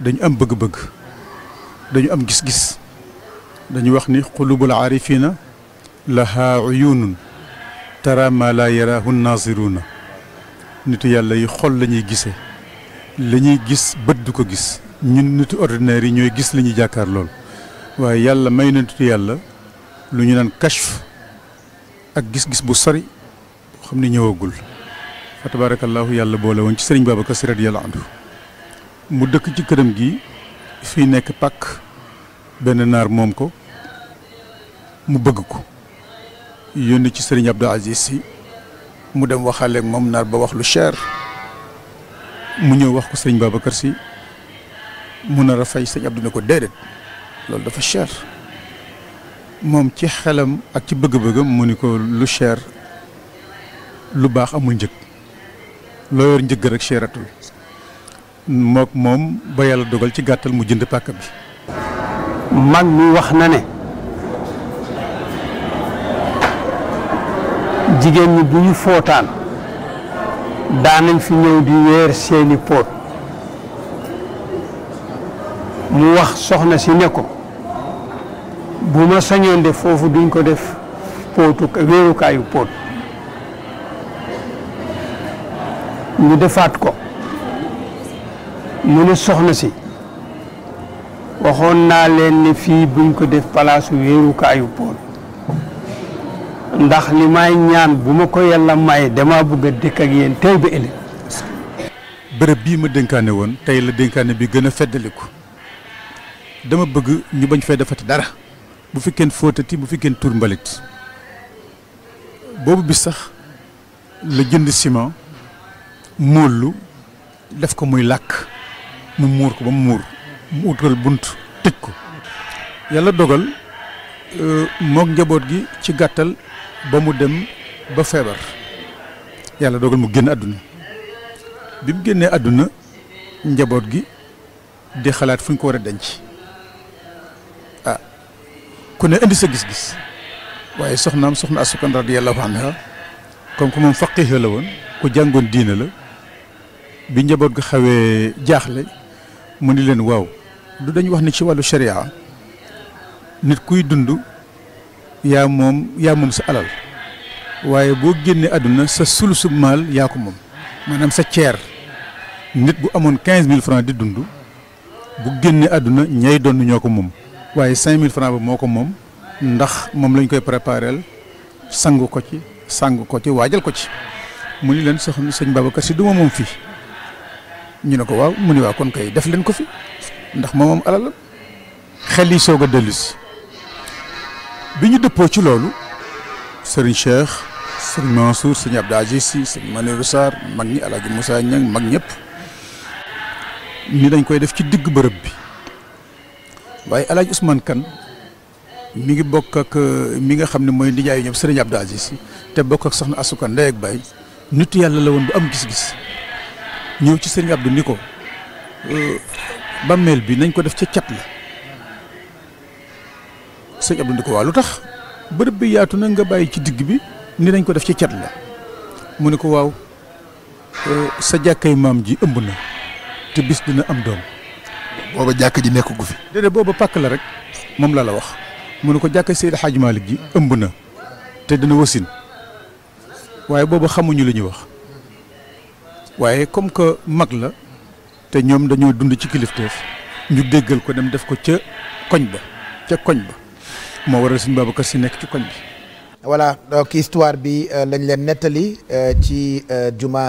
dañu am bëgg-bëgg dañu am gis-gis dañu wax ni xulubul aarifina laha uyunun tara ma la yarahu nitu yàlla yi xol lañuy gise lañuy gis bët du ko gis ñun nitu ordinaire yi ñooy gis li ñuy jàkkaar lool waaye yàlla may na nitu yàlla lu ñu naan kashf ak gis-gis bu sori xam ni ñëwagul fa tabarakallahu yàlla boole woon ci sëriñ Babacar Si radiyallahu anhu mu dëkk ci këram gi fii nekk pàkk benn naar moom ko mu bëgg ko yónni ci sëriñ Abdou Aziz si mu dem waxaale moom naar ba wax lu cher mu ñëw wax ko sëriñ Babacar si mu nar a fay sëñ Abdou ne ko déedéet loolu dafa cher moom ci xelam ak ci bëgg-bëggam mu ni ko lu cher lu baax amul njëg loo yor njëg rek cheratul mook moom ba yàlla dogal ci gàttal mu jënd pàkk bi. mag mi wax na ne jigéen ñi bu ñu footaan daanañ fi ñëw di weer seeni poot mu wax soxna si ne ko bu ma sañoon de foofu duñ ko def pootu weerukaayu poot ñu defaat ko. mu ne soxna si waxoon naa leen ne fii buñ ko def palaasu wéerukaayu pool ndax li may ñaan bu ma ko yàlla may dama bëgg a dëkk ak yéen tey ba ëllëg bërëb bii ma dénkaane woon tey la dénkaane bi gën a feddaliku dama bëgg ñu bañ fay defati dara bu fi kenn fóotati bu fi kenn tur mbalit boobu bi sax la jënd ciment móollu def ko muy làkk mu muur ko ba mu muur mu utal bunt tëj ko yàlla dogal euh, mook njaboot gi ci gàttal ba mu dem ba feebar yàlla dogal mu génn àdduna bi mu génnee àdduna njaboot gi di xalaat fu ñu ko war a denc ah, ku ne indi sa gis-gis waaye soxnaam soxna asukan radiyallahu anha comme que moom faqiih la woon ku jàngoon diine la bi njaboot gi xawee jaaxle mu ni leen waaw du dañu wax ni ci wàllu sharia nit kuy dund yaa moom yaa moom sa alal waaye boo génnee àdduna sa sulusub maal yaa ko moom maanaam sa ceer nit bu amoon quinze mille francs di dund bu génnee àdduna ñay donn ñoo ko moom waaye cinq mille francs ba moo ko moom ndax moom lañ koy préparel sangu ko ci sangu ko ci waajal ko ci mu ni leen soxna sëñ Babacar Si duma moom fii ñu ne ko waaw mu ni waa kon kay def leen ko fi ndax moom moom alal xel yi soog a dellusi bi ñu dëppoo ci loolu sëriñ Cheikh sëriñ Mansour sëriñ Abdou Aziz sëriñ Manirou Sarr mag ñi El Hadj Moussa mag ñëpp ni dañ koy def ci digg bërëb bi waaye El Hadj kan Kane ngi bokk ak mi nga xam ne mooy nijaayu ñoom sëriñ Abdou Aziz Sy te bokk ak soxna Asou Kane ndey ak baay nit yàlla la woon bu am gis-gis. ñëw ci sëñ Abdou ni ko euh, bàmmeel bi nañ ko def ci cat la sëñ Abdou ni ko waa lu tax bërëb bi yaatu na nga bàyyi ci digg bi ni nañ ko def ci cat la mu ne ko waaw euh, sa jàkkay maam ji ëmb na te bis dina am doom. booba jàkk ji nekk gu fi. déedéet booba pàkk la rek moom laa la wax mu ne ko jàkkay Seydi Hadj Malick ji ëmb na te dina wasin waaye booba xamuñu li ñuy wax. waaye comme que mag la te ñoom dañoo dund ci kilifteef ñu déggal ko dem def ko ca koñ ba ca koñ ba moo waral suñu ko si nekk ci koñ bi. voilà donc histoire bi euh, lañ leen nettali euh, ci euh, jumaa